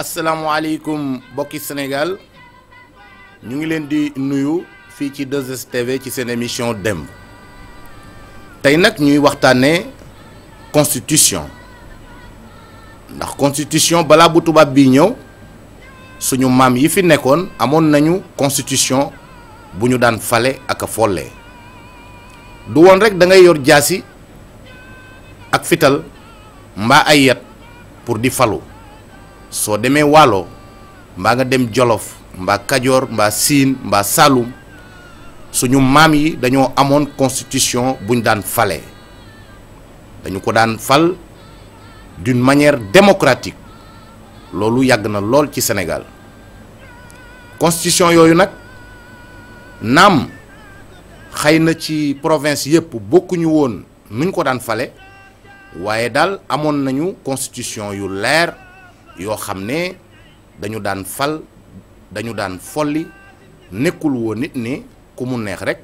asalaamualeykum bokki Sénégal ñu ngi leen di nuyu fii ci 2STV ci seen émission dem tey nag ñuy waxtaanee constitution ndax constitution bala bu tubaab bi ñëw suñu maam yi fi nekkoon amoon nañu constitution bu ñu daan fale ak a folle du woon rek da ngay yor jaasi ak fital mbaa ay yat pour di falu soo demee Waalo mbaa nga dem Jolof mbaa Kajoor mbaa Siin mbaa Saalum suñu maam yi dañoo amoon constitution buñ daan fale dañu ko daan fal d'une manière démocratique loolu yàgg na lool ci Sénégal constitution yooyu nag naam xëy na ci province yépp bokkuñu woon nuñ ko daan fale waaye daal amoon nañu constitution yu leer yoo xam ne dañu daan fal dañu daan folli nekkul woon nit ne ku mu neex rek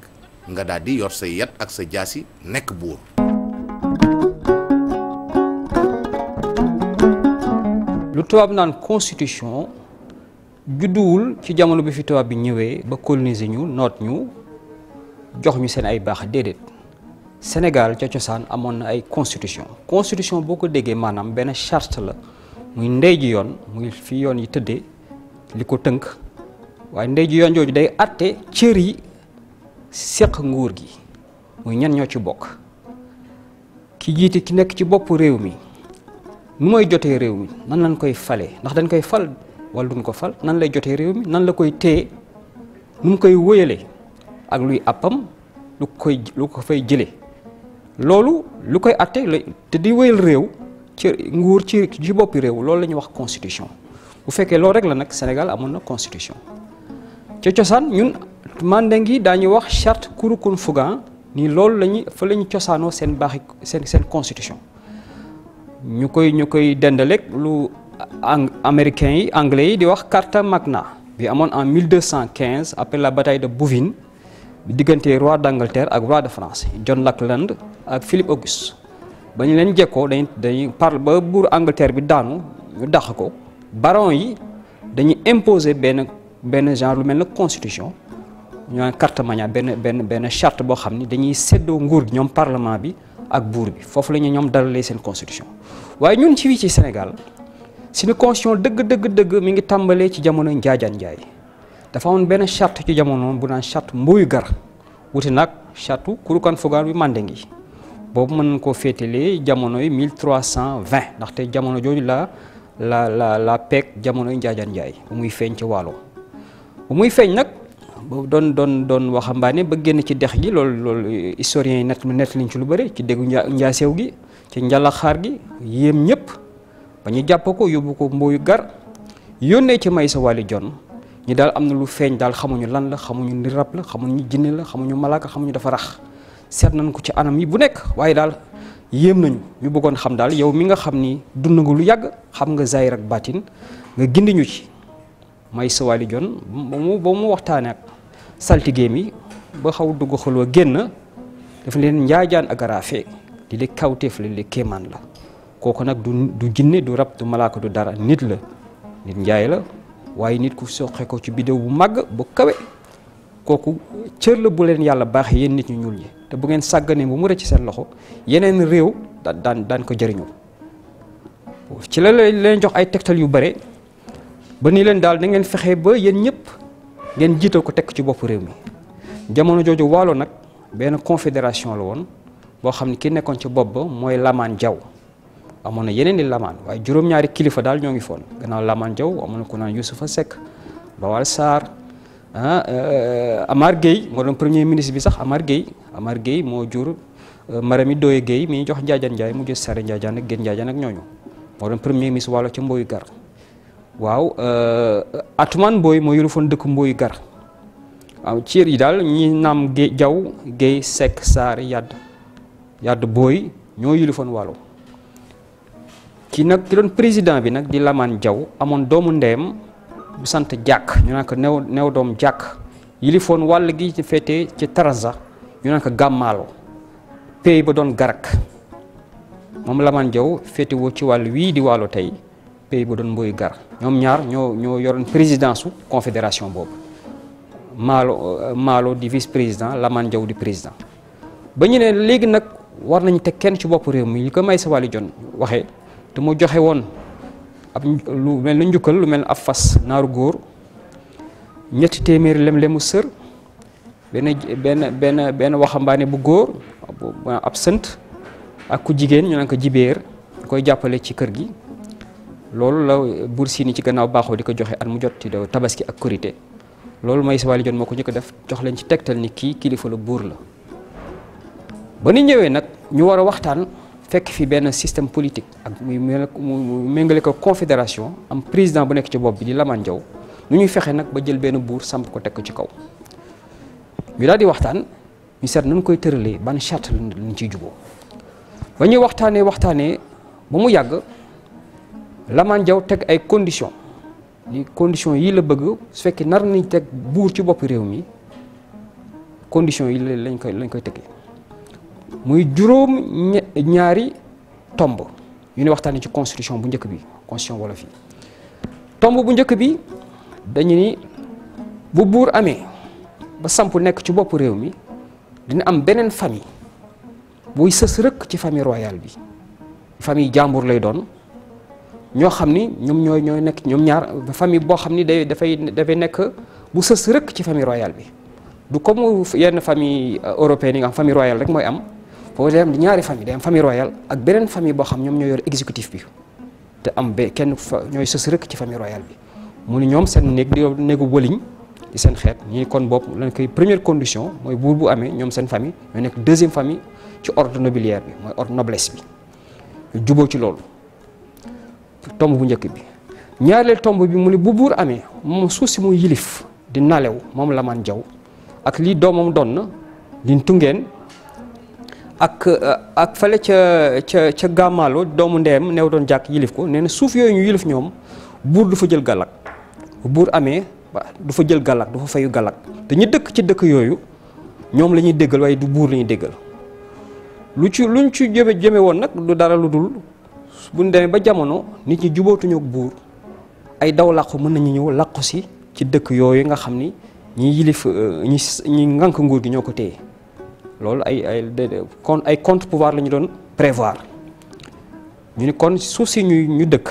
nga daal di yor sa yat ak sa jaasi nekk buur. lu tubaab naan constitution judduwul ci jamono bi fi tubaab bi ñëwee ba coloniser ñu noot ñu jox ñu seen ay baax déedéet Sénégal ca cosaan amoon na ay constitution constitution boo ko déggee maanaam benn charte la. muy ndey ji yoon muy fi yoon yi tëddee li ko tënk waaye ndey ji yoon jooju day àtte cër yi seq nguur gi muy ñan ñoo ci bokk ki jiite ki nekk ci bopp réew mi nu mooy jotee réew mi nan lañ koy fale ndax dañ koy fal wala ko fal nan lay jotee réew mi nan la koy téye nu mu koy wóyale ak luy àppam lu koy ko fay jële loolu lu koy àtte te di wéyal réew ci nguur ci ci boppi réew loolu la ñuy wax constitution bu fekkee lool rek la nag Sénégal amoon na constitution ca cosaan ñun mandeng yi daañu wax charte kurukun fogan ni loolu la ñuy fa la cosaanoo seen baaxi seen seen constitution ñu koy ñu koy dendaleeg lu américains yi anglais yi di wax Carta Magna bi amoon en 1215 après la bataille de Bouvines diggante roi d'Angleterre ak roi de France John Lackland ak Philippe Auguste ba ñu leen jekkoo dañ dañuy parle ba buur Angleterre bi daanu ñu dàq ko baron yi dañuy imposer benn benn genre lu mel ne constitution ñu naan carte magna benn benn benn charte boo xam ni dañuy seddoo nguur gi ñoom parlement bi ak buur bi foofu la ñu ñoom dalalee seen constitution waaye ñun ci fii ci Sénégal suñu constitution dëgg dëgg dëgg mi ngi tàmbalee ci jamono Njaajaan Njaay dafa amoon benn charte ci jamono bu naan chart mbuyu gar wuti nag charte kurukan fugaan bi mànde ngi boobu mën koo féetalee jamonoy 1320 ndaxte jamono jooju laa la la la jamono e jamonoy Njaajaan bu muy feeñ ci Waalo bu muy feeñ nag doon doon doon waxambaane ba génn ci dex gi loolu lool historiens yi net net liñ ci lu bëri ci déggu njaa njaaseew gi ci xaar gi yéem ñëpp ba ñu jàpp ko yóbbu ko mbooyu gar yónnee ci may sa wàlli jon ñi daal am na lu feeñ daal xamuñu lan la xamuñu ni rab la xamuñu jinne la xamuñu malaaka xamuñu dafa rax seet nañ ko ci anam yi bu nekk waaye daal yéem nañu ñu bëggoon xam daal yow mi nga xam ni dund nga lu yàgg xam nga zahir ak baatin nga gindi ñu ci may sawaali jon ba mu ba mu waxtaanee ak saltigeem yi ba xaw dugg xalwa génn dafa leen njaajaan ak araafee li li kawteef la li kéemaan la kooku nag du du jinne du rab du malaaka du dara nit la nit njaay la waaye nit ku soqe ko ci bidéw bu màgg bu kawe kooku cër la bu leen yàlla baax yéen nit ñu ñuul ñi te bu ngeen sàgganee bu mu ci seen loxo yeneen réew daan daan ko jëriñoo ci la leen jox ay tegtal yu bare ba nii leen daal na ngeen fexe ba yéen ñëpp ngeen jiitoo ko tekk ci bopp réew mi jamono jooju waalo nag benn confédération la woon boo xam ne ki nekkoon ci bopp ba mooy Lamaan Jaw amoon na yeneen i Lamaan waaye juróom-ñaari kilifa daal ñoo ngi foon gannaaw Lamaan Jaw amoon na ku naan Youssoufa Seck Bawal Sarr ah euh, Amar Gueye moo doon premier ministre bi sax Amar Gueye Amar Gueye moo jur euh, Marami Doye Gueye mi jox Njaajaan Njaay mu jël Sare Njaajaan ak Géen Njaajaan ak ñooñu moo doon premier ministre wàllo ca Mboyu Gar waaw euh, Atumaan Mboy moo yëlufoon yi daal ñi naam Gueye Jaw Gueye Seck Saare Yadd Yadd Booy ñoo yëlufoon wàllo ki nag ki doon président bi nag di Lamaan Jaw amoon doomu ndeyam sant jàkk ñu naan ko new new doom jàkk yilifoon wàll gi ci féete ci Taraza ñu naan ko gàmmaalo pey ba doon garak moom Lamaan Jaw féetewoo ci wàll wii di wàllu tey pey ba doon mboy gar ñoom ñaar ñoo ñoo yoroon présidence su confédération boobu maalo euh, maalo di vice président Lamaan Jaw di président ba ñu ne léegi nag war nañ te kenn ci bopp réew mi li ko may sa wàlli jon waxee te mu joxe woon ab lu mel na njukkal lu mel na ab fas naaru góor ñetti téeméeri lem-lemu sër benn benn benn benn waxambaane bu góor ab sënt ak ku jigéen ñu naan ko jibéer koy jàppale ci kër gi loolu la Buur Sini ci gannaaw baaxoo di ko joxe at mu jot ci tabaski ak korité loolu may si wàllu jot moo ko njëkk def jox leen ci tegtal ni kii kilifa la buur la ba nu ñëwee nag ñu war a waxtaan fekk fi benn système politique ak muy mu méngale ko confédération am président bu nekk ci bopp bi di lamaan Jaw nu ñuy fexe nag ba jël benn buur samp ko teg ko ci kaw ñu daal di waxtaan ñu seet nañ koy tëralee ban charte lañ ciy juboo ba ñuy waxtaanee waxtaanee ba mu yàgg Lamaan Jaw teg ay condition ni condition yi la bëgg su fekkee nar nañ teg buur ci bopp réew mi condition yi lañ koy lañ koy tegee muy juróom ñaari tomb yu ne waxtaanee ci constitution bu njëkk bi constitution wolof yi tomb bu njëkk bi dañu ni bu buur amee ba samp nekk ci bopp réew mi dina am beneen famille buy sës rëkk ci famille royale bi famille jàmbur lay doon ñoo xam ni ñoom ñooy ñooy nekk ñoom ñaar famille boo xam ni day dafay dafay nekk bu sës rëkk ci famille royal bi du comme yenn famille euh, européenne yi nga xam famille royale rek mooy am foofu day am di ñaari famille day am famille ak beneen famille boo xam ñoom ñoo yor exécutif bi te am ba kenn ñooy sës rëkk ci famille royale bi mu ni ñoom seen néeg di néegu wëliñ ci seen xeet ñii kon bopp lañ koy première condition mooy buur bu amee ñoom seen famille ñoo nekk deuxième famille ci ordre nobiliaire bi mooy ordre noblesse bi juboo ci loolu tomb bu njëkk bi ñaareel tomb bi mu ne bu buur amee moom suuf si mu yilif di nalew moom lamaan jaw ak lii doomam doon na di tungeen ak euh, ak fale ca ca ca gàmmaalo doomu ndeyam neew doon jàkk yilif ko nee suuf yooyu ñu yilif ñoom buur du fa jël galak buur amee du fa jël galak du fa fayu galak te ñu dëkk ci dëkk yooyu ñoom la ñuy déggal waaye du buur lañuy ñuy déggal lu ci luñ ci jëme jëme woon nag du dara lu dul buñ demee ba jamono nit ñi jubootuñu ak buur ay daw làqu mën nañu ñëw làqu si ci dëkk yooyu nga xam ni euh, ñi yilif ñi ñi ngànk nguur gi ñoo ko téye loolu ay ay kon ay contre pouvoir lañu doon prévoir ñu ni kon suuf si ñuy ñu dëkk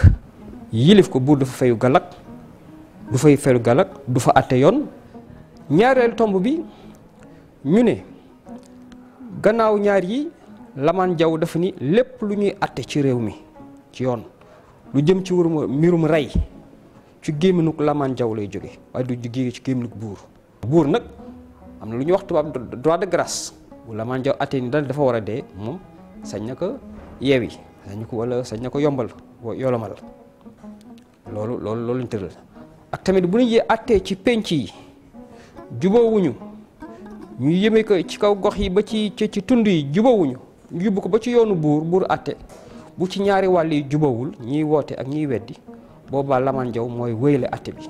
yilif ko buur dafa fayu galak du fay feru galak du fa àtte yoon ñaareel tomb bi ñu ne gannaaw ñaar yi lamaan jaw dafa ni lépp lu ñuy àtte ci réew mi ci yoon lu jëm ci wurum mbirum rey ci gémminuk lamaan jaww lay jóge waaye du jóge ci gémminuk buur buur nag am na lu ñuy waxtu tubaab droit de grâce bu lamaan jaww àtte ni dal dafa war a dee moom sañ na ko yeewi sañ ko wala sañ na ko yombal yolomal loolu loolu loolu lañ tamit bu ñu jee ci penc yi jubóowuñu ñu yëme ko ci kaw gox yi ba ci ci tund yi ñu yóbbu ko ba ci yoonu buur buur atte bu ci ñaari wàll yi jubóowul ñiy woote ak ñiy weddi boobaa lamaan jaw mooy wéyale atte bi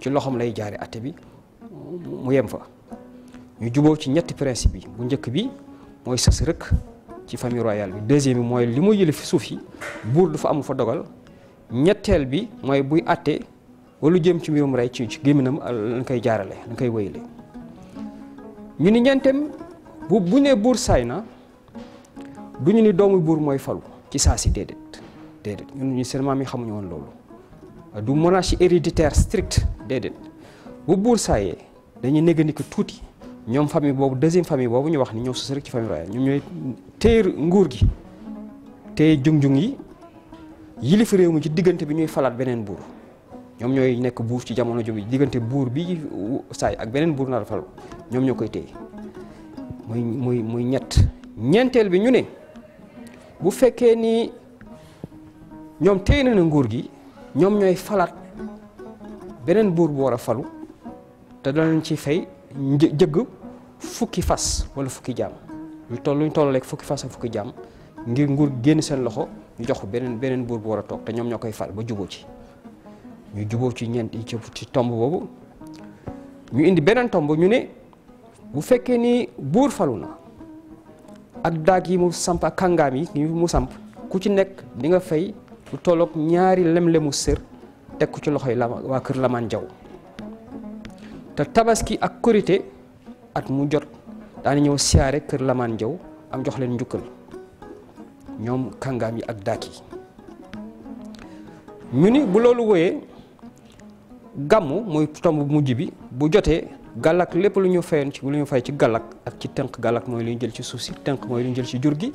ci loxoom lay jaare atte bi mu yem fa ñu jubóo ci ñetti principe bi bu njëkk bi mooy sës rëkk ci famille royale bi deuxième bi mooy li mu yële fi suuf yi buur du fa amu fa dogal ñetteel bi mooy buy atte wala jëm ci mbirum rey ci ci gémminam lañ koy jaarale lañ koy wéyle ñu ni ñeentem bu bu ne buur saay na du ñu ni doomu buur mooy falu ci saa si déedéet déedéet ñun ñu seen maam yi xamuñu woon loolu du monarchie héréditaire stricte déedéet bu buur saayee dañuy néggandiku tuuti ñoom famille boobu deuxième famille boobu ñu wax ni ñoo sus rek ci famille royale ñoom ñooy téer nguur gi te jung-jung yi yilif réew mi ci diggante bi ñuy falaat beneen buur ñoom ñooy nekk buur ci jamono jooju diggante buur bi saay ak beneen buur na a falu ñoom ñoo koy téye muy muy muy ñett ñeenteel bi ñu ne bu fekkee ni ñoom téye na na nguur gi ñoom ñooy falaat beneen buur bu war a falu te danañ ci fay jëgg fukki fas wala fukki jaam lu toll luñ toll rek fukki fas ak fukki jaam ngir nguur génn seen loxo ñu jox beneen beneen buur bu war a toog te ñoom ñoo koy fal ba juboo ci ñu juboo ci ñeent yi ci tomb boobu ñu indi beneen tomb ñu ne bu fekkee ni buur falu na ak daag yi mu samp ak kàngaam yi ñu mu samp ku ci nekk di nga fay lu tollook ñaari lem-lemu sër teg ko ci loxo yi waa kër Lamaan Jaw te tabaski ak korité at mu jot daana ñëw siyaare kër Lamaan Jaw am jox leen njukkal ñoom kàngaam yi ak daag yi ñu ni bu loolu wëyee gàmmu mooy tomb mujj bi bu jotee galak lépp lu ñu fayoon ci lu ñu fay ci galak ak ci tënk gallak mooy lu ñu jël ci suuf si tënk mooy lu ñu jël ci jur gi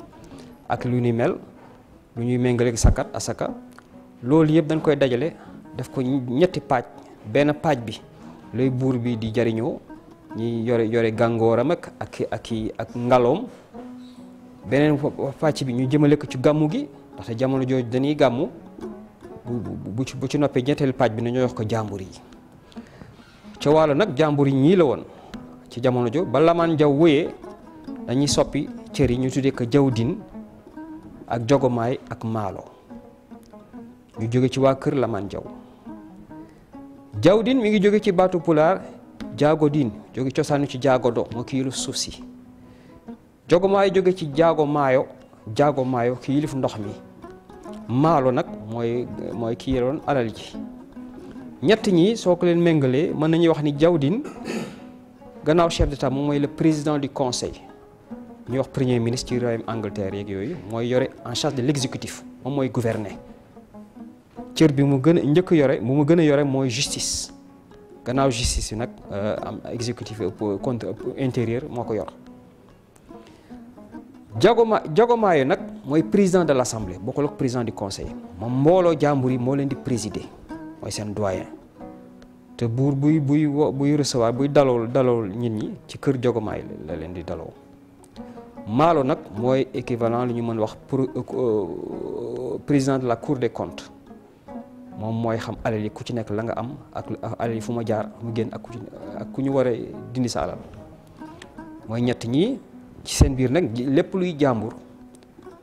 ak lu ni mel lu ñuy méngaleeg sakat asaka loolu yëpp dañ koy dajale def ko ñetti paaj benn paaj bi luy buur bi di jariñoo ñi yore gàngoor a mag ak ak ak ngaloom beneen pàcc bi ñu jëmale ko ci gàmmu gi ndaxte jamono jooju dañuy gàmmu bu bu ci noppee ñetteelu pàcc bi nañoo yox ko jàmbur yi ca waalo nag jàmbur yi ñii la woon ci jamono jo ba lamaan jaw wëyee dañuy soppi cër yi ñu tuddee ko jaw din ak jogomaay ak maalo ñu jóge ci waa kër lamaan jaw jaw din mi ngi jóge ci baatu pulaar jaago din jóge cosaanu ci jaago do moo ki yilif suuf si jogomaay jóge ci jaago maayo jaago maayo ki yilif ndox mi maalo nag mooy mooy ki yoroon alal ji ñett ñi soo ko leen méngalee mën nañuy wax ni jawdin gannaaw chef d'état moom mooy le président du conseil ñuy wax premier ministre ci royaume Angleterre yeeg yooyu mooy yore en charge de l'exécutif moom mooy gouverner cër bi mu gën a njëkk yore bu mu gën a yore mooy justice gannaaw justice bi nag euh, am exécutif contre intérieur moo ko yor jagoma jagomaa yi nag mooy président de l' assemblée bokkul ak président du conseil moom mbooloo jàmbur yi moo leen di présider mooy seen doyen te buur buy buy buy recevoir buy daloo daloo nit ñi ci kër jagomaa yi la leen di daloo maalo nag mooy équivalent li ñu mën wax euh, euh, président de la cour des comptes moom mooy xam alal yi ku ci nekk la nga am ak alal yi fu ma jaar mu génn ak ku ak ku ñu waree a dindi sa alal mooy ñett ñi. ci seen biir nag lépp luy jàmbur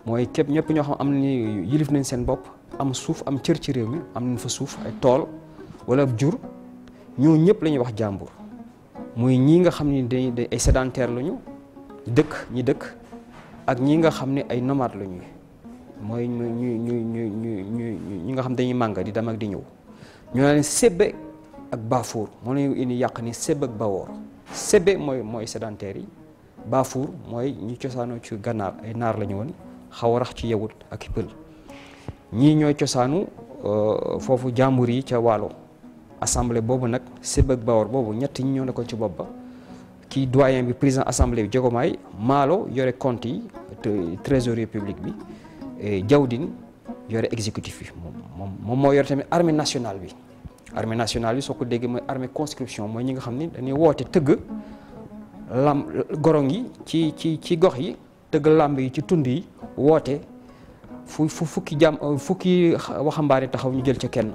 mooy képp ñëpp ñoo xam am nañu yilif nañ seen bopp am suuf am cër ci réew mi am nañ fa suuf ay tool wala jur ñoo ñëpp lañuy wax jàmbur muy ñii nga xam ne dañuy dañ ay sédentaire lañu dëkk ñi dëkk ak ñii nga xam ne ay nomade lañu mooy ñu ñu ñu ñu ñi nga xam dañuy mànga di dem ak di ñëw ñoo leen sebe ak baafoor moo lañu indi yàq ni sebe ak bawoor sebe mooy mooy sédentaire yi Baafuur mooy ñi cosaanoo ci gànnaar ay naar la ñu woon xaw a rax ci yawut ak pël ñii ñooy cosaanu euh, foofu jàmbur yi ca waalo assemblée boobu nag Sëb ak boobu ñett ñi ñoo nekkoon ci bopp ba kii doyen bi président assemblée bi Jogomaay Maalo yore compte yi trésorier public bi Jawdin yore exécutif bi moom moom moo yore tamit armée nationale bi armée nationale bi soo ko déggee mooy armée conscription mooy ñi nga xam ni dañuy woote tëgg lam gorong yi ci ci ci gox yi tëgg làmb yi ci tund yi woote fu fukki jam euh, fukki waxambaane taxaw ñu jël ca kenn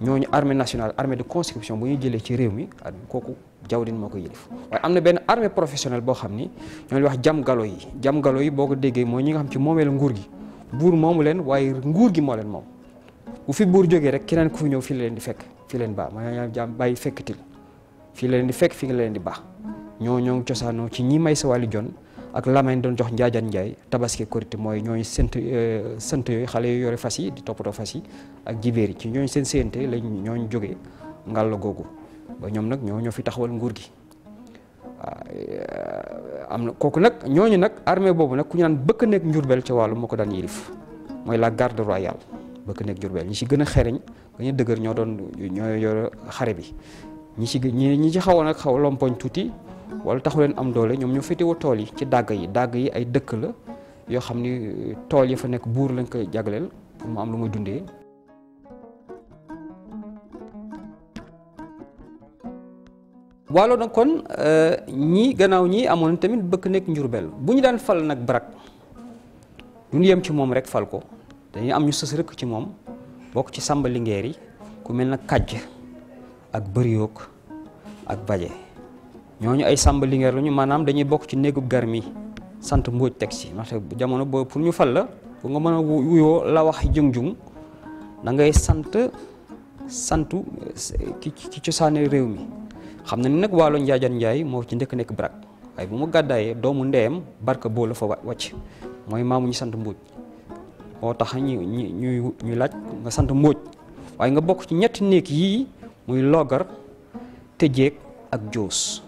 ñooñu armée nationale armée de conscription bu ñuy jëlee ci réew mi ak ah, kooku jawdin moo ko yëlif waaye am na benn armée professionnelle boo xam ni ñoo wax jam galo yi jam galo yi boo ko déggee mooy ñi nga xam ci moomeel nguur gi buur moomu leen waaye nguur gi moo leen moom bu fi buur jógee rek keneen ku fu ñëw fii la leen di fekk fii leen baax ma jam bàyyi fekkatil fii la leen di fekk fii nga leen di baax ñoo ñoo ngi cosaanoo ci ñi may sa wàllu jon ak lamañ doon jox njaajaan njaay tabaski korité mooy ñooñu sent euh, sant yooyu xale yu yore fas yi di toppatoo fas yi ak jibéer yi ci ñooñ seen séente lañ ñooñ jógee ngàll googu ba ñoom nag ñoo ñoo fi taxawal nguur gi am na kooku nag ñooñu nag armée boobu nag ku ñu naan bëkk nekk njurbel ci wàllu moo ko daan yilif mooy la garde royale bëkk nekk jurbel ñi ci gën a xereñ gën a dëgër ñoo doon ñoo yor xare bi ñi ci ñi ci xawoon ak xaw tuuti wala taxu leen am doole ñoom ñoo féetewoo tool yi ci dàgg yi dàgg yi ay dëkk la yoo xam ni euh, tool yi fa nekk buur lañ koy jagleel am lu muy dundee. waalo nag kon euh, ñii gannaaw ñii amoon tamit bëkk nekk njurbel bu ñu daan fal nag barak du yem ci moom rek fal ko dañuy am ñu sës rëkk ci moom bokk ci sàmba lingeer yi ku mel na kàjj ak bëriyoog ak baje ñooñu ay sàmba lingeer ñu maanaam dañuy bokk ci néegu garmi sant mbóoj teg ci si ndaxte jamono boobu pour ñu fal la pour nga mën a wuyoo la wax jung-jung da ngay sant santu ki ci cosaane réew mi xam na ni nag waalo njaajan njaay moo ci njëkk nekk barak waaye bu mu gàddaayee doomu ndeyam barka boo la fa wacc mooy maamuñu sant mbóoj moo tax ñu ñu laaj nga sant mbóoj waaye nga bokk ci ñetti néeg yii muy loogar tëjeeg ak joos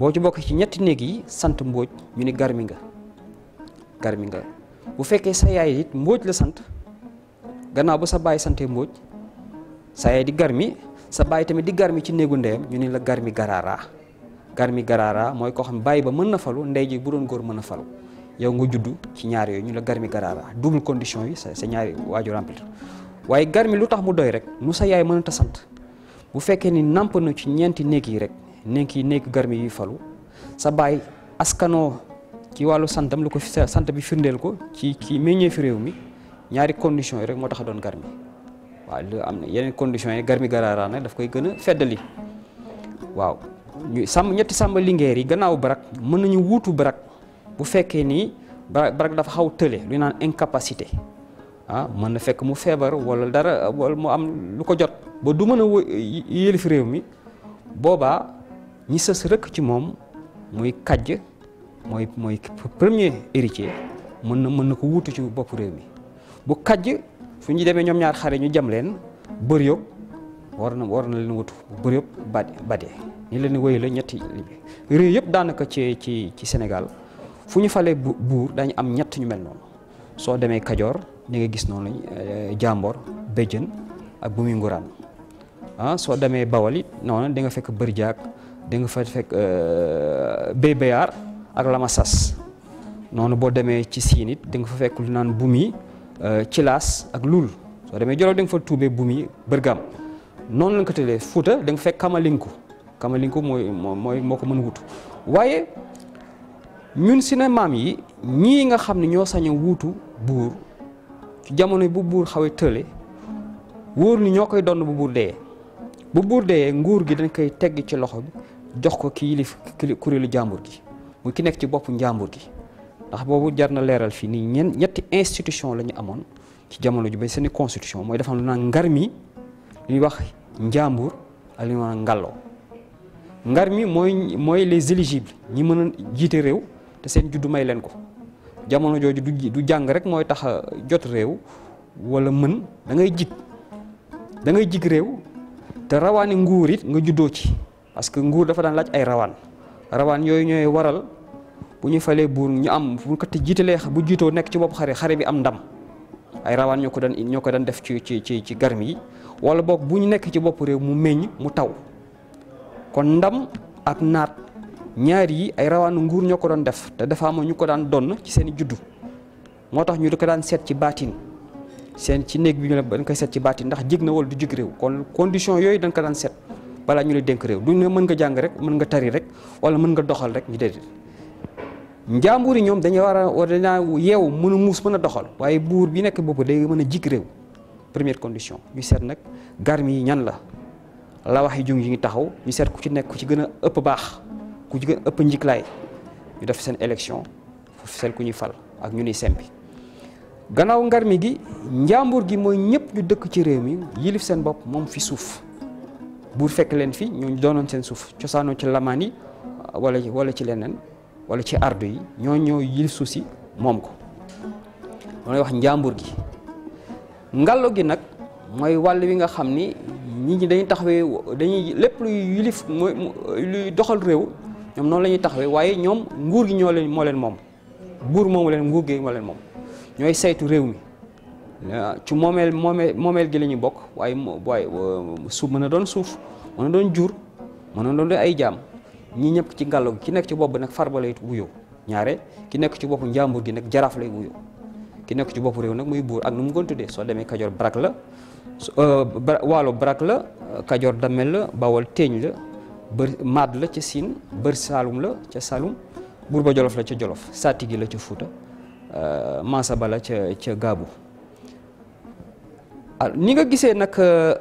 boo ci bokk ci ñetti néeg yi sant mbóoj ñu ni garmi nga garmi nga bu fekkee sa yaay it mbóoj la sant gannaaw ba sa baay santee mbóoj sa yaay di garmi sa baay tamit di garmi ci néegu ndeyam ñu ni la garmi garaara garmi garaara mooy ko xam bàyyi ba mën na falu ndey ji bu doon góor mën na falu yow nga juddu ci ñaar yooyu ñu la garmi garaara double condition yi sa sa ñaari waaju remplir waaye garmi lu tax mu doy rek mu sa yaay mënata sant bu fekkee ni nàmp na ci ñeenti néeg yi rek yi nekk garmi yi falu sa baay askanoo ci wàllu santam lu ko sant bi firndeel ko ci ci meññee fi réew mi ñaari condition yi rek moo tax doon garmi waaw lu am yeneen conditions yi garmi garaaraa nag daf koy gën a feddali waaw ñu ñetti sàmba lingeer yi gannaaw barak mën nañu wuutu barak bu fekkee nii barak dafa xaw tële lu naan incapacité ah mën na fekk mu feebar wala dara wala mu am lu ko jot ba du mën a yëlif réew mi boobaa ñi sës rëkk ci moom muy kàjj mooy mooy premier héritier mën na mën na ko wuutu ci bopp réew mi bu kàjj fu ñu demee ñoom ñaar xare ñu jam leen bër war na war na leen wutu bër yóbbu ba leen wéyu la ñetti réew yëpp daanaka ci ci ci Sénégal fu ñu falee buur dañu am ñett ñu mel noonu soo demee Kajoor di nga gis noonu eh, jàmboor béjjën ak bu muy nguraan ah, soo demee Bawal it noonu di nga fekk bërjaak di nga fa fekk euh, Bébéyaar ak Lamassas noonu boo demee ci Siin it di fa fekk lu naan Bumi euh, Cilaas ak Lul soo demee Jolof di nga fa tuubee Bumi Bërgam noonu la nga ko tëlee Fuuta da nga fekk Kamalinku Kamalinku mooy moo ko mën wut waaye ñun si maam yi ñii nga xam ne ñoo sañ a wuutu buur ci jamono bu buur xawee tële wóor ni ñoo koy donn bu buur dee. bu buur deyee nguur gi dañ koy tegg ci loxo bi jox ko ki yilif kuréelu jàmbur gi mu ki nekk ci bopp njàmbur gi ndax boobu jar na leeral fii nii ñen ñetti institution la ñu amoon ci jamono ji ba seen i constitution mooy dafa am lu ñuy wax njàmbur ak lu ngar mi mooy mooy les éligibles ñi mën a jiite réew te seen juddu may leen ko jamono jooju du du jàng rek mooy tax jot réew walla mën da ngay jig dangay jig réew te rawaani nguur it nga juddoo ci parce que nguur dafa daan laaj ay rawaan rawaan yooyu ñooy waral bu ñu falee buur ñu am bu ko jiitalee bu jiitoo nekk ci bopp xare bi am ndam ay rawaan ñoo ko daan ñoo ko daan def ci ci ci ci garmi yi wala boog bu ñu nekk ci bopp réew mu meññ mu taw kon ndam ak naat ñaar yi ay rawaanu nguur ñoo ko doon def te dafa amoon ñu ko daan donn ci seen i juddu moo tax ñu di ko daan seet ci baatin seen ci néeg bi ñu ne dañ koy seet ci baat yi ndax jig na wala du jig réew kon condition yooyu dañ ko daan seet balaa ñu lay dénk réew duñ ne mën nga jàng rek mën nga tari rek wala mën nga doxal rek ñu déedéet njàmbur yi ñoom dañuy war a war dañaa yeewu mën muus mën a doxal waaye buur bi nekk bopp day mën a jig réew condition ñu seet nag garmi yi ñan la la wax yi jung yi ngi taxaw ñu seet ku ci nekk ku ci gën a ëpp baax ku ci gën a ëpp ñu def seen élection foofu seen ku ñuy fal ak ñu ñuy sembi gannaaw ngarmi gi njàmbur gi mooy ñëpp ñu dëkk ci réew mi yilif seen bopp moom fi suuf buur fekk leen fi ñooñu doonoon seen suuf cosaanoo ci lamaan yi wala wala ci leneen wala ci ardu yi ñoo ñoo yilif suuf si moom ko loolu wax njàmbur gi ngallo gi nag mooy wàll wi nga xam ni nit ñi dañuy taxawee dañuy lépp luy yilif mooy luy doxal réew ñoom noonu la ñuy taxawee waaye ñoom nguur gi ñoo leen moo leen moom buur moomu leen nguur gi moo leen moom ñooy saytu réew mi ci moomeel moomeel moomeel gi la ñu bokk waaye waaye euh, suuf mën a doon suuf mën a doon jur mën a doon ay jaam ñi ñëpp ci ngàllo gi ki nekk ci bopp nag farba lay wuyoo ñaare ki nekk ci boppu njàmbur gi nag jaraaf lay wuyoo ki nekk ci boppu réew nag muy buur ak nu mu gën tuddee soo demee Kajoor Barak la euh, Waalo Barak la euh, Kajoor Damel la Bawol Teeñ la bër Maad la ca Siin bër Saalum la ca Saalum Buurba Jolof la ca Jolof Saatigi la ca Fuuta Euh, Mansa Bala ca ca Gaabu ah, ni nga gisee nag euh,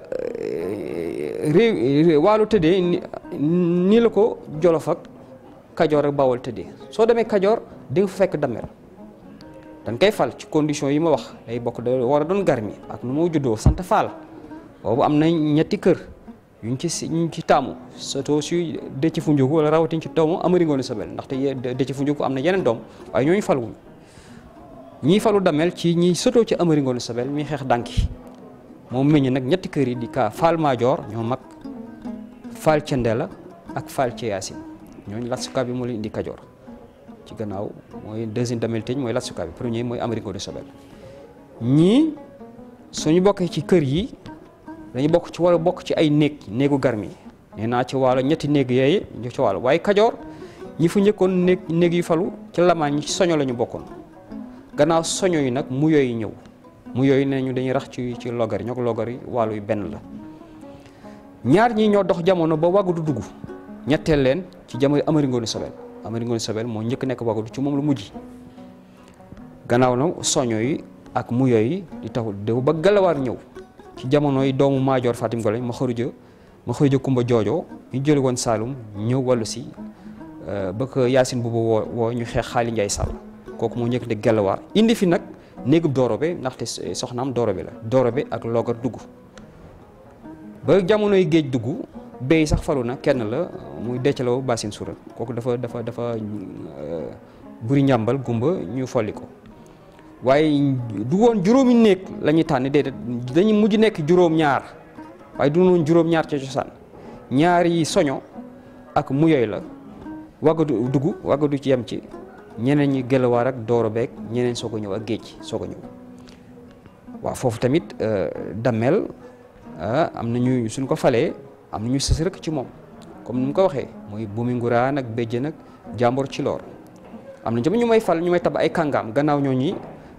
réew waalo tëddee nii la ko jolofak Kajoor ak Bawol tëddee soo demee Kajoor di nga fekk damer dañ koy fal ci condition yi ma wax day bokk da war a doon garmi ak nu moo juddoo sant faal boobu am na ñetti kër yuñ ci yuñ ci taamu surtout si Déthié Foundiougu wala rawatin ci taw doomu Amari Ngoone Sobel ndaxte Déthié Foundiougu am na yeneen doom waaye ñooñu fal wuñ ñii falu damel ci ñii sotoo ci Amari Ngoone Sobel mi xeex dànki moom meññ nag ñetti kër yi di kaa Faal Maajoor ñoo mag Faal ca ak Faal ca Yaasin ñooñu lasuka bi moo indi Kajoor ci gannaaw mooy deuxième damel teñ mooy lasuka bi premier mooy Amari Ngoone Sobel ñii suñu bokkee ci kër yi dañu bokk ci wala bokk ci ay néeg néegu garmi nee naa ci waalo ñetti néeg yooyu ñu ci waalo waaye Kajoor ñi fu njëkkoon néeg néeg yu falu ci lamaan ñi ci soño la ñu bokkoon gannaaw soño yi nag mu yooyu ñëw mu yooyu ne ñu dañuy rax ci ci logar yi ñoo ko logar yi yi benn la ñaar ñi ñoo dox jamono ba wàggudu dugg ñetteel leen ci jamono Amari Ngoone Sobel Amari moo njëkk nekk wàggudu ci moom lu mujj gannaaw na soño yi ak mu yooyu di taxul déw ba galawaar ñëw ci jamono doomu maajoor Fatim Gole ma xaruja ma xaruja kumba joojoo ñu jëli woon Saalum ñëw wàllu si eh, ba ko Yaasin bu woo woo ñu xeex Xaali Njaay Sàll kooku moo njëkkante Gelwaar indi fi nag néegub Dorobe ndaxte eh, soxnaam bi la dooro bi ak Logar dugg ba jamonoy géej dugg béy sax falu na kenn la muy deccaloo Basin Suura kooku dafa dafa dafa eh, buri njàmbal gumba ñu folli ko waaye du woon juróomi néeg la ñuy tànn déedéet dañu mujj nekk juróom-ñaar waaye du woon juróom-ñaar ca cosaan ñaar soño ak muyoy la waggadu dugg waggadu ci yam ci ñeneen ñi gëlawaar ak dooro beeg ñeneen soog a ñëw ak géej soog a ñëw waaw foofu tamit euh, dammel ah, am na ñuy suñ ko falee am na ñu sës rek ci moom comme ni mu ko waxee mooy buumi nguraan ak béjjën nag jàmbur ci loor am na tamit ñu may fal ñu may tab ay kàngaam gannaaw ñoo ñi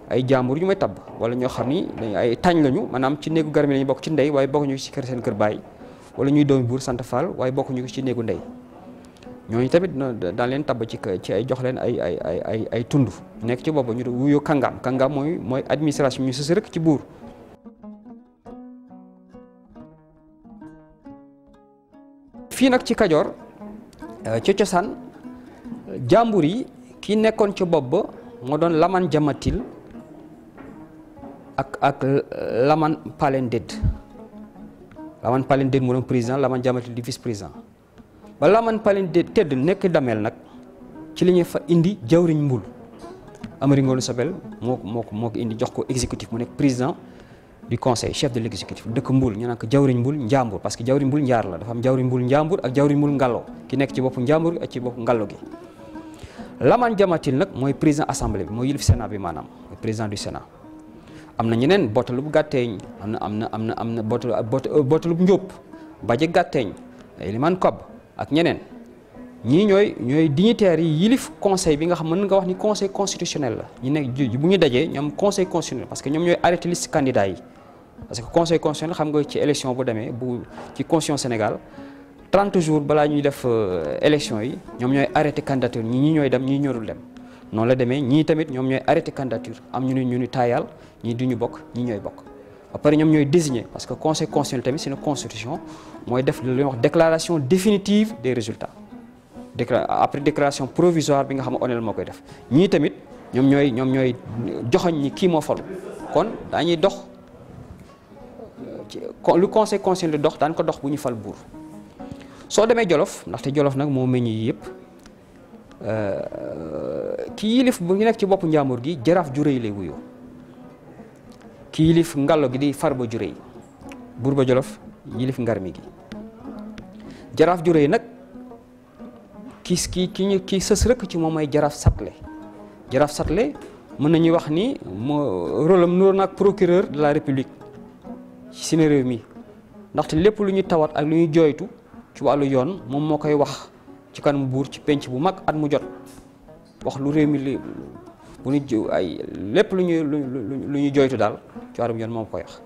ay jàmbur ñu may tab wala ñoo xam ni ay tàñ lañu maanaam ci néegu garmi lañu bokk ci ndey waaye bokkuñu ñu ci kër seen kër baay wala ñuy doomi buur sant Fall waaye bokkuñu ñu ci néegu ndey ñooñu tamit daan leen tabb ci ci ay jox leen ay ay ay ay ay tund nekk ci boobu ñu wuyu kàngaam kàngaam mooy mooy administration ñu sës rek ci fii nag ci Kajoor euh, ci cosaan jàmbur yi ki nekkoon ci bopp ba moo doon laman jamatil ak ak laman palen déd laman palen déd moo doon président laman jamatil di vice président ba Laman Palin tëdd nekk dameel nag ci li ñuy fa indi jawriñ mbul Amari Ngoone Sobel moo ko moo ko moo ko indi jox ko exécutif mu nekk président du conseil chef de l' exécutif dëkk mbul ñu naan ko jawriñ mbul njàmbur parce que jawriñ mbul njaar la dafa am jawriñ mbul njàmbur ak jawriñ mbul ngallo ki nekk ci boppu njàmbur ak ci boppu ngallo gi Laman Jamatil nag mooy président assemblée bi mooy yilif sénat bi maanaam mooy président du sénat am na ñeneen bootalu bu gàtteeñ am na am na am na am na bootalu bootalu bu njóob baje gàtteeñ Eliman Kob ak ñeneen ñii ñooy ñooy dignitaires yi yilif conseil bi nga xam mën nga wax ni conseil constitutionnel la ñu nekk bu ñu dajee ñoom conseil constitutionnel parce que ñoom ñooy arrêté liste candidat yi parce que conseil constitutionnel xam nga ci élection bu demee bu ci constitution Sénégal trente jours balaa ñuy def euh, élection yi ñoom ñooy arrêté candidature ñi ñii ñooy dem ñii ñorul dem noon la demee ñii tamit ñoom ñooy arrêté candidature am ñu ni ñu ni taayaal ñii du ñu bokk ñii ñooy bokk ba ñoom ñooy désigné parce que conseil constitutionnel tamit c'est mooy def lu ñuy wax déclaration définitive de résultat décla après déclaration provisoire bi nga xam ne ONEL moo koy def ñii tamit ñoom ñooy ñoom ñooy joxoñ ñi kii moo falu kon dañuy dox euh, lu conseil conseil lu dox daan ko dox bu ñu fal buur soo demee Jolof ndaxte Jolof nag moo meññ yi yëpp euh, ki yilif bu ñu nekk ci boppu njaamur gi jaraaf ju rëy lay wuyoo ki yilif ngallo gi di Farba ju rëy buur ba Jolof yilif ngarmi gi jaraaf ju rëy nag kis ki ki ñu ki sës rëkk ci moom mooy jaraaf satle jaraaf satle mën nañuy wax ni moo rôle am nuroo naag procureur de la république ci réew mi ndaxte lépp lu ñu tawat ak lu ñu jooytu ci wàllu yoon moom moo koy wax ci kanam buur ci penc bu mag at mu jot wax lu réew mi ay lépp lu ñu lu ñu jooytu daal ci wàllum yoon moom koy wax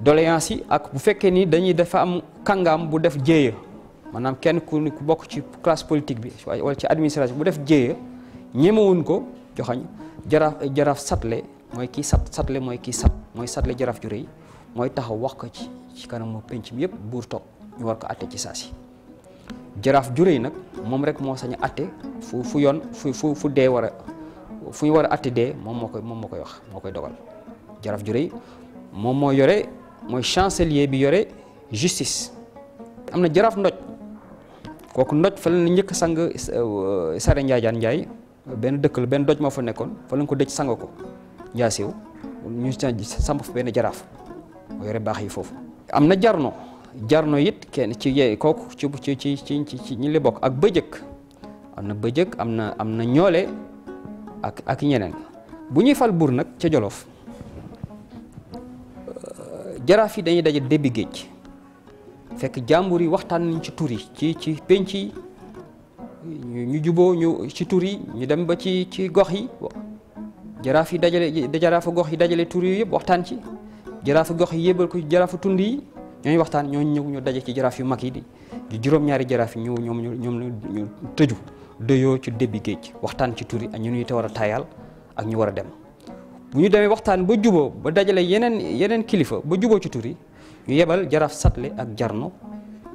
doléance yi ak bu fekkee nii dañuy dafa am kàngaam bu def jéeya maanaam kenn ku ku bokk ci classe politique bi wala ci administration bu def jéeya ñemewuñ ko joxañ jaraaf jaraaf satle mooy kii sat satle mooy kii sat mooy satle jaraaf ju mooy taxaw wax ko ci ci kanamu penc mi yëpp buur toog ñu war ko ci saa si jaraaf ju rëy nag moom rek moo sañ a atte fu fu yoon fu fu dee war a fu ñu war a atte dee moom moo koy moom moo koy wax moo koy dogal jaraaf ju rëy moom moo yore mooy chancelier bi yore justice am na jaraaf ndoj kooku ndoj fa na njëkk sang euh, Sare Njaajaan Njaay benn dëkk benn doj moo fa nekkoon fa lañ ko dëj sang ko njaasiw ñu samp fa benn jaraaf moo yore baax yi foofu am na jarno jarno it kenn ci yee kooku ci ci ci ci ci ñi li bokk ak bëjëk am na bëjëk am na am na ñoole ak ak ñeneen bu ñuy fal buur nag ca Jolof jaraaf yi dañuy daje débbi géej fekk jàmbur yi waxtaan nañ ci tur yi ci ci pénc yi ñu juboo ñu ci tur yi ñu dem ba ci ci gox yi jaraaf yi dajale jaraafa gox yi dajale tur yi yëpp waxtaan ci jaraafa gox yi yébal ko jaraafa tund yi ñooñu waxtaan ñoo ñëw ñu daje ci jaraaf yu mag yi di juróom-ñaari jaraaf yi ñu ñoom ñoom ñu tëju doyoo ci débbi géej waxtaan ci tur yi ak ñu ñuy te war a taayal ak ñu war a dem bu ñu demee waxtaan ba juboo ba dajale yeneen yeneen kilifa ba juboo ci tur ñu yebal jaraaf satle ak jarno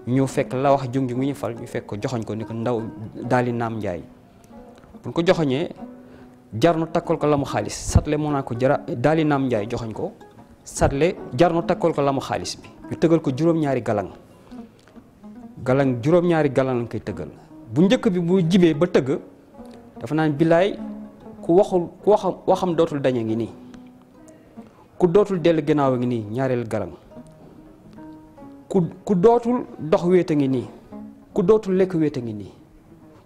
ñu fekk la wax jung ji mu ñu fal ñu fekk ko joxoñ ko ni ko ndaw daali naam njaay buñ ko joxoñee jarno takkal ko la mu xaalis satle moo naa ko jara daali naam njaay joxoñ ko satle jarno takkal ko la mu xaalis bi ñu tëgal ko juróom-ñaari galang galang juróom-ñaari galang lañ koy tëgal bu njëkk bi bu jibee ba tëgg dafa naan bilaay ku waxul ku waxam waxam dootul daña ngi nii ku dootul dell gannaaw a ngi nii ñaareel garan ku ku dootul dox wéet a ngi nii ku dootul lekk wéet a ngi nii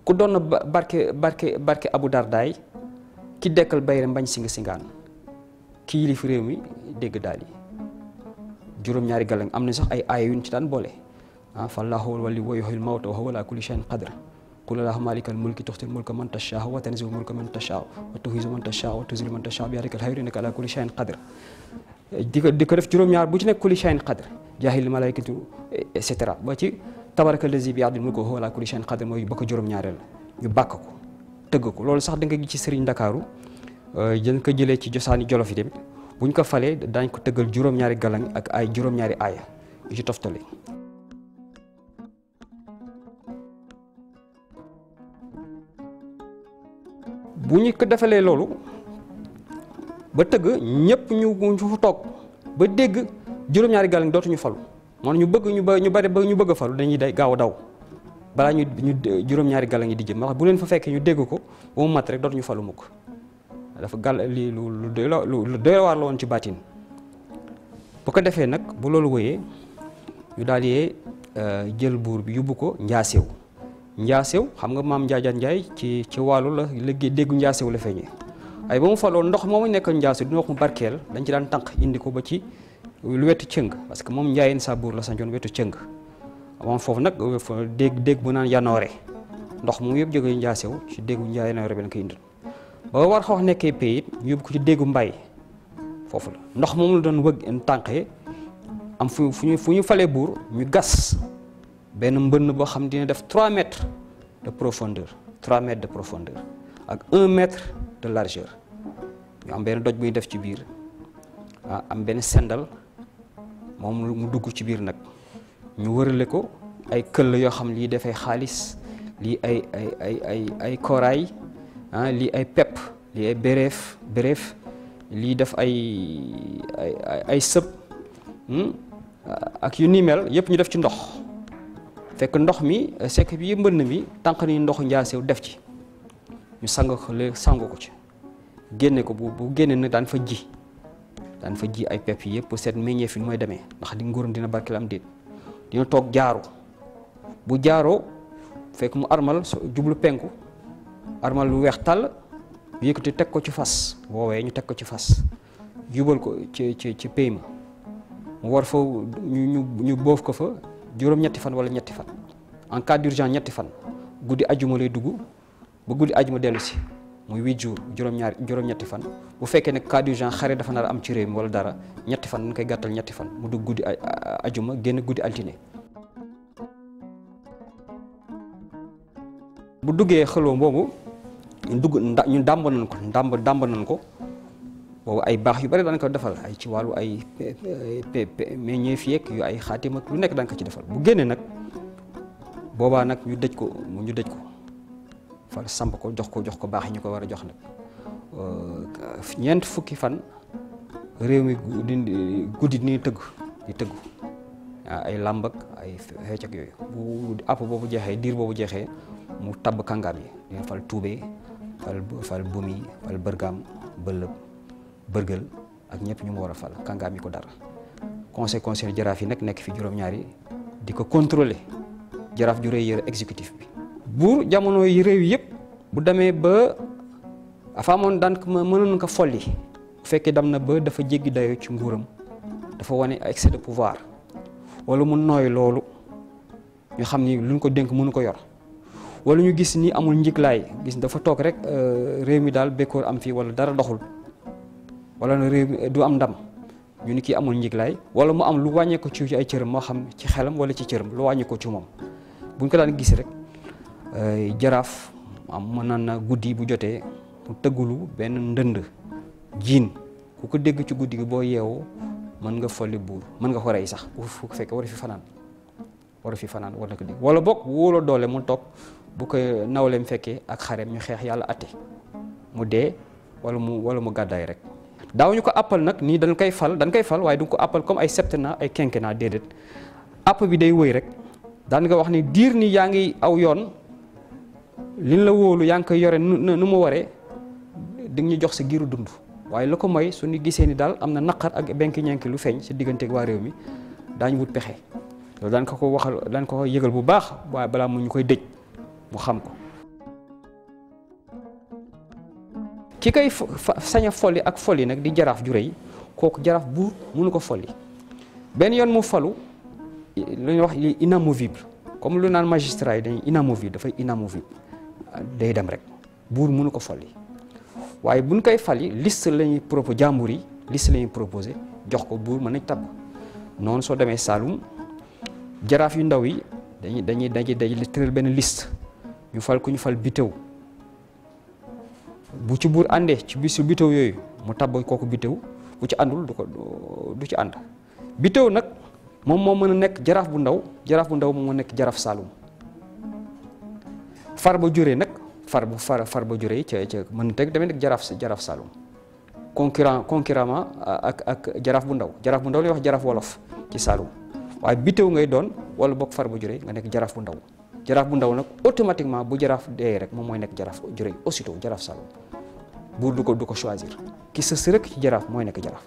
ku doon na barke barke barke Abu Dardaay ki dekkal bayre mbañ singa singaan ki yilif réew mi dégg daal juróom-ñaari galan am na sax ay aaya yuñ ci daan boole ah fallaahu wali wa yuhyil mawta wa huwa kulli shay'in qadir قل اللهم مالك الملك تؤتي الملك من تشاء وتنزع الملك من تشاء وتعز من تشاء وتذل من تشاء بيدك الخير انك على كل شيء قدير di ko di ko def juróom ñaar bu ci nekk kulli shayin qadr jaahil malaykatu et cetera ba ci tabaraka lazi bi yadil mulku huwa ala kulli shayin qadr mooy ba ko juróom ñaareel ñu bàkk ko tëgg ko loolu sax da nga gis ci sëriñ Ndakaaru dañ ko jëlee ci josaani jolof yi tamit bu ñu ko falee daañ ko tëggal juróom-ñaari galang ak ay juróom-ñaari aaya yu ci toftale bu ñu ko defalee loolu ba tëgg ñëpp ñu ñu toog ba dégg juróom-ñaari gaal dootuñu falu moo ñu bëgg ñu ba ñu bari ba ñu bëgg a falu dañuy day gaaw a daw balaa ñu ñu juróom-ñaari gàll ngi di jëm wax bu leen fa fekkee ñu dégg ko ba mu mat rek dootuñu falu mukk dafa gàll lii lu lu ci baatin bu ko defee nag bu loolu wëyee ñu daal di euh, jël buur bi yóbbu ko njaasew njaasew xam nga maam Njaajaan Njaay ci ci wàllu la liggéey déggu njaasew la feeñee ay ba mu faloo ndox moomu nekkoon njaasew di ndox dañ ci daan tànq indi ko ba ci lu wetu cëng parce que moom Njaayeen Saabuur la sancoon wetu cëng moom foofu nag euh, dégg dégg bu naan yanoore ndox moomu yëpp jógee njaasew ci déggu Njaay yanoore bi lañ koy indil ba war xaw nekkee pay ñu yóbbu ko ci déggu mbay foofu la ndox moomu la doon wëgg tànqee am fu fu fu ñu falee buur ñu gas benn mbënn boo xam dina def 3 mètres de profondeur 3 mètres de profondeur ak 1 mètre de largeur ñu am benn doj buy def ci biir ah am benn sendal moom mu dugg ci biir nag ñu wërale ko ay këll yoo xam lii dafay xaalis lii ay ay ay ay koraay ah, lii ay pepp lii ay béréef béréef lii def ay ay sëb hmm, ak yu ni mel yëpp ñu def ci ndox fekk ndox mi sekk bi mbënn mi tànq ni ndoxu njaasew def ci ñu sang ko léegi ko ci génne ko bu bu génne nag daan fa ji daan fa ji ay pepp yëpp set seet meññeef fi nu mooy demee ndax di nguuram dina barkeel am déet dina toog jaaru bu jaaroo fekk mu armal jublu penku armal lu weex tàll ñu teg ko ci fas woowee ñu teg ko ci fas jubal ko ci ci pay ma mu war fa ñu ñu boof ko fa juróom-ñetti fan wala ñetti fan en cas d'urgence ñetti fan guddi ajuma lay dugg ba guddi ajuma dellu si muy huit jours juróom-ñaari juróom-ñetti fan bu fekkee ne cas d'urgence xare dafa nar am ci réew mi wala dara ñetti fan dañ koy gàttal ñetti fan mu dugg guddi ajuma génn guddi altine bu duggee xeloo boobu dugg ñu dàmb nañ ko dàmb dàmb nañ ko boobu ay baax yu bari daan ko defal ay ci wàllu ay meññeef yeeg yu ay xaatim ak lu nekk daan ko ci defal bu génnee nag boobaa nag ñu dëj ko mu ñu dëj ko far samp ko jox ko jox ko baax yi ñu ko war a jox nag ñeent fukki fan réew mi guddi ni tëgg di tëgg ay làmb ay xeec ak yooyu bu àpp boobu jeexee diir boobu jeexee mu tabb kàngaar yi dina fal tuube fal fal fal bërgaam bëllëb bërgël ak ñëpp ñu mu war a fal kàngaam yi ko dara conseil conseil jaraaf yi nag nekk fii juróom-ñaari di ko contrôler jaraaf ju rëy yër exécutif bi buur jamono yi réew yëpp bu demee ba afa amoon daan mënoon ko folli bu fekkee dem na ba dafa jéggi dayo ci nguuram dafa wane excès de pouvoir wala mu nooy loolu ñu xam ni luñ ko dénk mënu ko yor wala ñu gis ni amul laay gis dafa toog rek euh, réew mi daal bekkoor am fii wala dara doxul wala réew mi eh, du am ndam ñu ni kii amul njiglaay wala mu am lu wàññee ci ay cëram moo xam ci xelam wala ci cëram lu wàññee ko ci moom bu ñu ko daan gis rek eh, jaraaf am mën naan na guddi bu jotee mu tëggulu benn ndënd jiin ku ko dégg ci guddi gi boo yeewoo mën nga folli buur mën nga ko rey sax ku ko fekkee war fi fanaan war fi fanaan war na wala bokk wóoloo doole mu toog bu ko nawleem fekkee ak xareem mu xeex yàlla atte mu dee wala mu wala mu gàddaay rek ñu ko appal nag nii dañ koy fal dañ koy fal waaye du ko appal comme ay na ay quinquennat déedéet app bi day wëy rek daan wax ni diir ni yaa ngi aw yoon liñ la wóolu yaa ngi koy yore nu mu waree di ñu jox sa giiru dund waaye la ko mooy nu gisee ni daal am na naqar ak benki ñenki lu feeñ sa digganteek waa réew mi daañu wut pexe loolu daan ko ko waxal daan ko ko yëgal bu baax waaye balaa mu ñu koy dëj mu xam ko ki koy sañ a folli ak folli nag di jaraaf ju rëy kooku jaraaf buur munu ko folli benn yoon mu falu lu ñuy wax inamovible comme lu naan magistrat yi dañuy inamovible dafay inamovible day dem rek buur mënu ko folli waaye buñ koy fali liste la ñuy propo jàmbur yi liste la ñuy jox ko buur mën nañ tabb noonu soo demee Saalum jaraaf yu ndaw yi dañuy dañuy daj dañuy benn liste ñu fal ku ñu fal bitéw bu ci buur àndee ci bisu bitew yooyu mu tabb kooku bitew bu ci àndul du ko du ci ànd bitew nag moom moo mën a nekk jaraaf bu ndaw jaraaf bu ndaw moom moo nekk jaraaf Saalum far ba juree nag far bu far far ba juree ca ca mën na teg damay nekk jaraaf jaraaf Saalum concurrent concurremment ak ak jaraaf bu ndaw jaraaf bu ndaw lay wax jaraaf wolof ci Saalum waaye bitew ngay doon wala bokk far ba juree nga nekk jaraaf bu ndaw. jaraaf bu ndaw nag automatiquement bu jaraaf dee rek moom mooy nekk jaraaf jurëñ aussitôt jaraaf Saloum buur du ko du ko choisir ki sës rek ci jaraaf mooy nekk jaraaf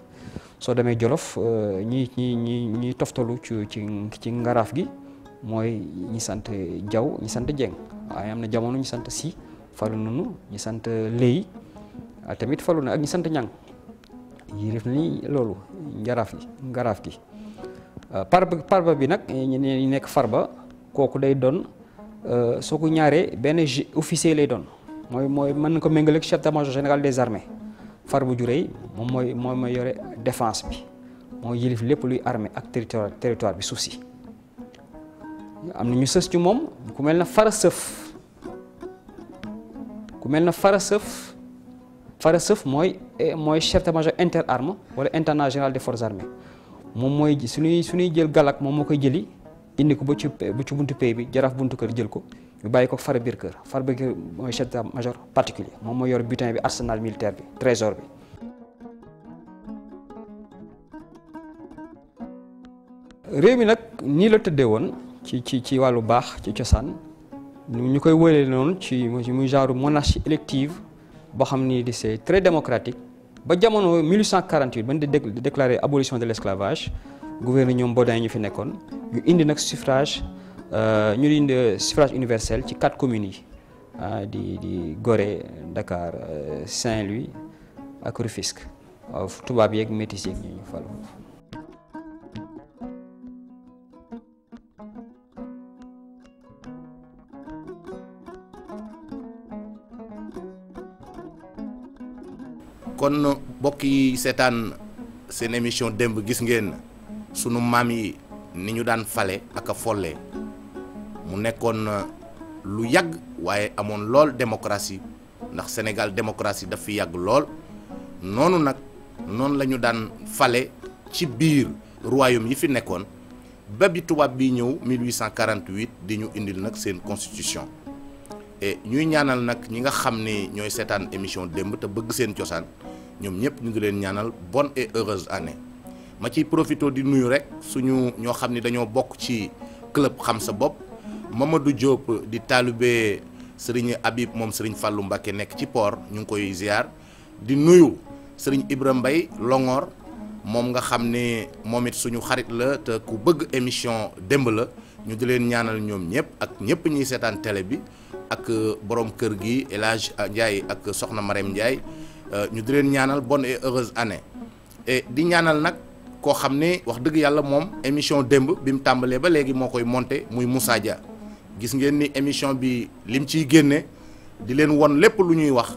soo demee Jolof euh, ñi ñi ñi ñi toftalu ci ci ci ngaraaf gi mooy ñi sant Jaw ñi sant Jeng waaye am na jamono ñi sant Si falu nunu ñi sant Léy tamit falu na ak ñi sant Ñang yi def ni loolu njaraaf gi ngaraaf gi parba euh, parba bi nag ñi nekk farba kooku day doon Euh, soo ko ñaaree benn officier lay doon mooy mooy mën na ko méngale ak chef général des far bu Diourey moom mooy moom mooy yore défense bi mooy yëlif lépp luy armée ak territoire territoire bi suuf si am na ñu sës ci moom ku mel na fara sëf ku mel na fara sëf fara sëf mooy eh, mooy chef d'état-major inter arme wala intendant général des forces armées moom mooy su suñuy suñuy jël galak moom moo koy jëli indi ko ba ci ba ci buntu pay bi jaraaf buntu kër jël ko ñu bàyyi ko far biir kër far biir kër mooy chef d'état-major particulier moom mooy yor butin bi arsenal militaire bi trésor bi réew mi nag nii la tëddee woon ci ci ci wàllu baax ci cosaan ñu koy wëlee noonu ci muy genre monarchie elective boo xam ni di c'est très démocratique ba jamono 1848 ba ñu déclaré abolition de l'esclavage gouverneur ñoom Baudin ñu fi nekkoon ñu indi nag suffrage euh, ñu indi suffrage universel ci quatre communes yi ah di di Gorée euh, Saint-Louis ak Rufisque waaw tubaab yeeg métis yeeg ñu fal kon mbokk yi seetaan seen émission démb gis ngeen sunu maam yi ni ñu daan fale ak a folle mu nekkoon euh, lu yàgg waaye amoon lool démocratie ndax Sénégal démocratie daf fi yàgg lool noonu nag noonu la ñu daan fale ci biir royaume yi fi nekkoon ba bi tubaab bi ñëw 1848 di ñu indil nag seen constitution et ñuy ñaanal nag ñi nga xam ni ñooy seetaan émission démb te bëgg seen cosaan ñoom ñëpp ñu ngi leen ñaanal bon et heureuse année. ma ciy profité di nuyu rek suñu ñoo xam ni dañoo bokk ci club xam sa bopp du Diop di taalibe sëriñ Habib moom sëriñ fàllu Mbacké nekk ci port ñu ngi koy ziar di nuyu sëriñ Ibra mbay Longor moom nga xam ne moom it suñu xarit la te ku bëgg émission démb la ñu di leen ñaanal ñoom ñëpp ak ñëpp ñuy seetaan télé bi ak euh, borom kër gi El Hadj euh, Ndiaye ak soxna Marème Ndiaye euh, ñu di leen ñaanal bonne et heureuse année et di ñaanal nag. koo xam ne wax dëgg yàlla moom émission démb bi tàmbalee ba léegi moo koy monté muy Moussa gis ngeen ni émission bi lim ciy génne di leen won lépp lu ñuy wax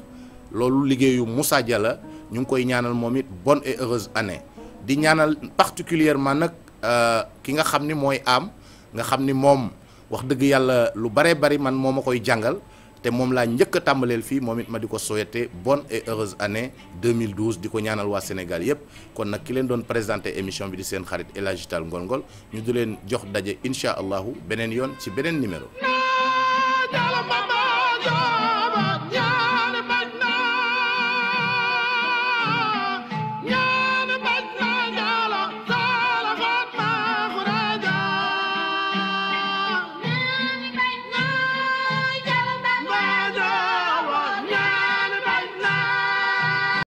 loolu liggéeyu Moussa la ñu ngi koy ñaanal moom it bonne et heureuse année di ñaanal particulièrement nag euh, ki nga xam ni mooy am nga xam ni moom wax dëgg yàlla lu bare bari man moo ma koy jàngal te moom laa njëkk a tàmbaleel fii moom it ma di ko souhaité bonne et heureuse année 2012 di ko ñaanal waa Sénégal yëpp kon nag ki leen doon présenté émission bi di seen xarit El Hadji Tall Ngol Ngol ñu di leen jox daje incha allahu beneen yoon ci beneen numéro.